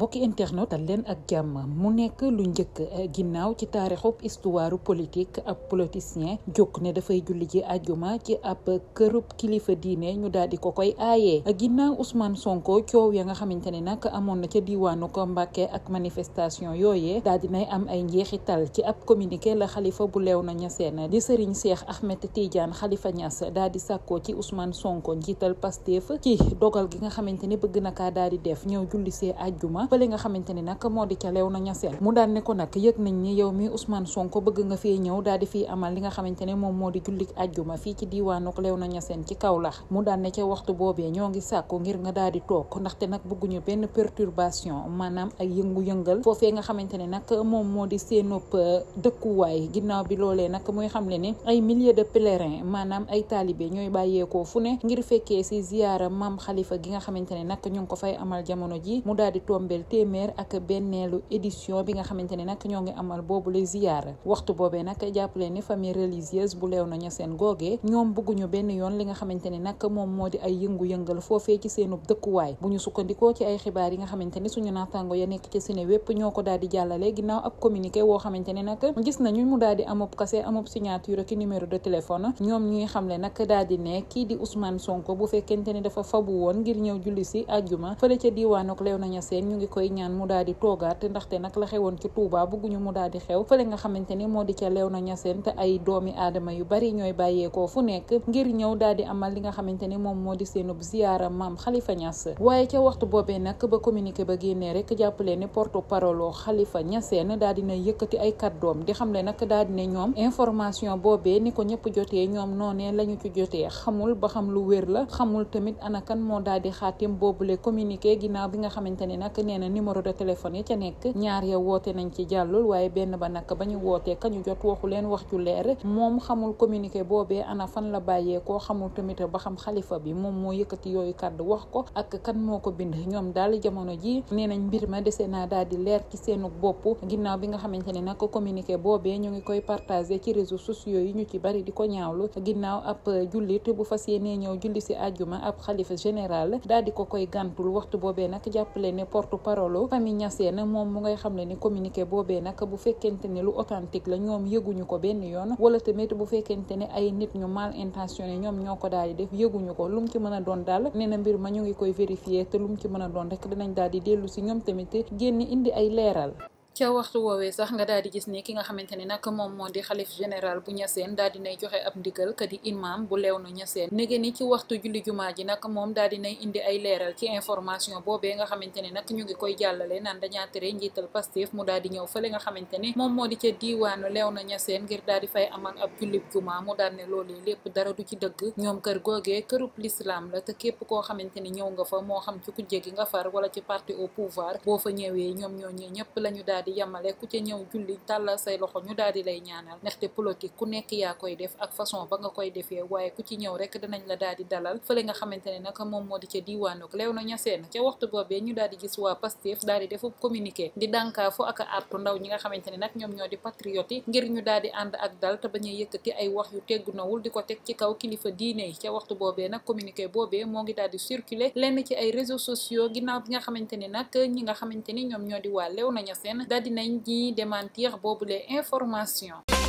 mbokki internet dal len ak jam mu nek lu njëkk eh, ginnaw ci taarixub histoire politique ab politicien jokk ne fay julli ci aljuma ci ap kërup kilifa diiné ñu daal di ko koy ayé ginnaw Ousmane Sonko ciow ya nga xamantene nak amon na ci diwanu ko mbacké ak manifestation yooyee daal dinay am ay kital, ci ap communiqué la khalifa bu lew na di serigne Cheikh Ahmed Tidiane Khalifa ñass daal di sàkkoo ci Ousmane Sonko njiital Pastef ci dogal gi nga xamantene bëgg na kaa daal def julli ci aljuma fële nga xamante ni nag moo di ca Léona ne ko nag yëg ni yow mi Ousmane Sonko bëgg nga fee ñëw daal di fii amal li nga xamante ne moom moo di jullik ajjuma fii ci diiwaanuk Léona Niassène ci Kaolack mu daan ne ca boobee ñoo ngi sàkku ngir nga daal di toog ndaxte nag bëgguñu benn perturbation maanaam ay yëngu-yëngal foofee nga xamante ne nag moom moo di seenub euh, dëkkuwaay ginnaaw bi loolee nag muy xamle ne ay milliers de pèlerins maanaam ay taalibe ñooy bàyyeekoo fu ne ngir fekkee si ziyaara maam xalifa gi nga xamante ne nag ñu ngi ko fay amal jamono ji mu daal di tombe ñaareel téeméer ak benneelu édition bi nga xamante ne nag ñoo ngi amal boobu la ziyaara waxtu boobee nag jàppaleen ni famille religieuse bu leew na ña seen googee ñoom bëgguñu benn yoon li nga xamante ne nag moom moo di ay yëngu-yëngal foofee ci seenub dëkkuwaay bu ñu sukkandikoo ci ay xibaar yi nga xamante suñu ya nekk ci sene wépp ñoo ko daal di jàllale ginnaaw ab communiqué woo xamante ne nag gis nañu mu daal di amub kase amub signature ki numéro de téléphone ñoom ñuy xamle nag daal di ne kii di Ousmane Sonko bu fekkente ni dafa fabu woon ngir ñëw julli si àjjuma fële ca leew seen ñu ngi koy ñaan mu daal di toogaat ndaxte nag la xewoon ci Touba bëgguñu mu daal di xew fële nga xamante ni moo di ca Léona Niassène te ay doomi aadama yu bari ñooy bàyyeekoo fu nekk ngir ñëw daal di amal li nga xamante ni moom moo di seenub ziyaara maam Khalifa Niass waaye ca waxtu boobee nag ba communiqué ba génnee rek jàppale ne porte parole Khalifa Niassène daal dina yëkkati ay kàddoom ñoom information boobee ni ko ñëpp jotee ñoom noonee lañu ci jotee xamul ba xam lu wér la xamul tamit anakan moo daal di xaatim boobule communiqué ginnaaw bi nga xamante ne na numéro de téléphone ya ca nekk ñaar ya woote nañ ci jàllul waaye benn ba nag ba ñu wootee ka ñu jot waxu leen wax ju leer moom xamul communiqué boobee ana fan la bàyyee koo xamul tamit ba xam xalifa bi moom moo yëkkati yooyu kàddu wax ko ak kan moo ko bind ñoom daal jamono ji nee nañ mbir ma dese naa daal di leer ci seenu bopp ginnaaw bi nga xamante ne nag communiqué boobee ñu ngi koy partagé ci réseau sociaux yi ñu ci bari di ko ñaawlu ginnaaw ab jullit bu fas yéenee ñëw julli si àjjuma ab xalifa général daal porte-parole famille Niassène moom mu ngay xam ne ni communiqué boobee nag bu fekkent ne lu authentique la ñoom yëguñu ko benn yoon wala tamit bu fekkente ne ay nit ñu mal intentionné ñoom ñoo ko daal def yëguñu ko lu mu ci mën a doon daal nee na mbir ma ñu ngi koy vérifier te lu mu ci mën a doon rek dinañ daal di dellu si ñoom tamit génn indi ay leeral ci waxtu wowe sax nga daal gis ni ki nga xamanteni nak mom moom di bu ñasseen daal nay joxe ab ndigal ke di imam bu leew nu ñaseen nege ni ci waxtu julli juma ji nak mom daal nay indi ay leral ci information bobé nga xamanteni nak ñu ngi koy jàllale naan dañaa téré njital pastif mu daal ñew fele nga xamanteni mom moom di ca diiwaanu leew ngir daal fay amal ab julli juma mu daal ne loolee dara du ci deug ñom kër gogé kërup l'islam la te képp ko xamanteni ñew nga fa mo xam ci ku jégi nga far wala ci parti au pouvoir bo fa ñewé ñom ñoo ñëpp lañu daal di yemale ku ca ñëw julli tàllal say loxo ñu daal di lay ñaanal ndaxte politique ku nekk yaa koy def ak façon ba nga koy defee waaye ku ci ñëw rek danañ la daal di dalal fële nga xamante ne nag moom moo di ca diiwaanuk Léona Niassène ca waxtu boobee ñu daal di gis waa Pastef daal di defu communiqué di dànkaafu ak artu ndaw ñi nga xamante ne nag ñoom ñoo di patriote yi ngir ñu daal di ànd ak dal te bañ a yëkkati ay wax yu teggunawul di ko teg ci kaw kilifa diine yi ca waxtu boobee nag communiqué boobee moo ngi daal di circuler lenn ci ay réseaux sociaux ginnaaw bi nga xamante ne nag ñi nga xamante ni ñoom ñoo di waa Léona Niassène daal dinañ di démentir boobule information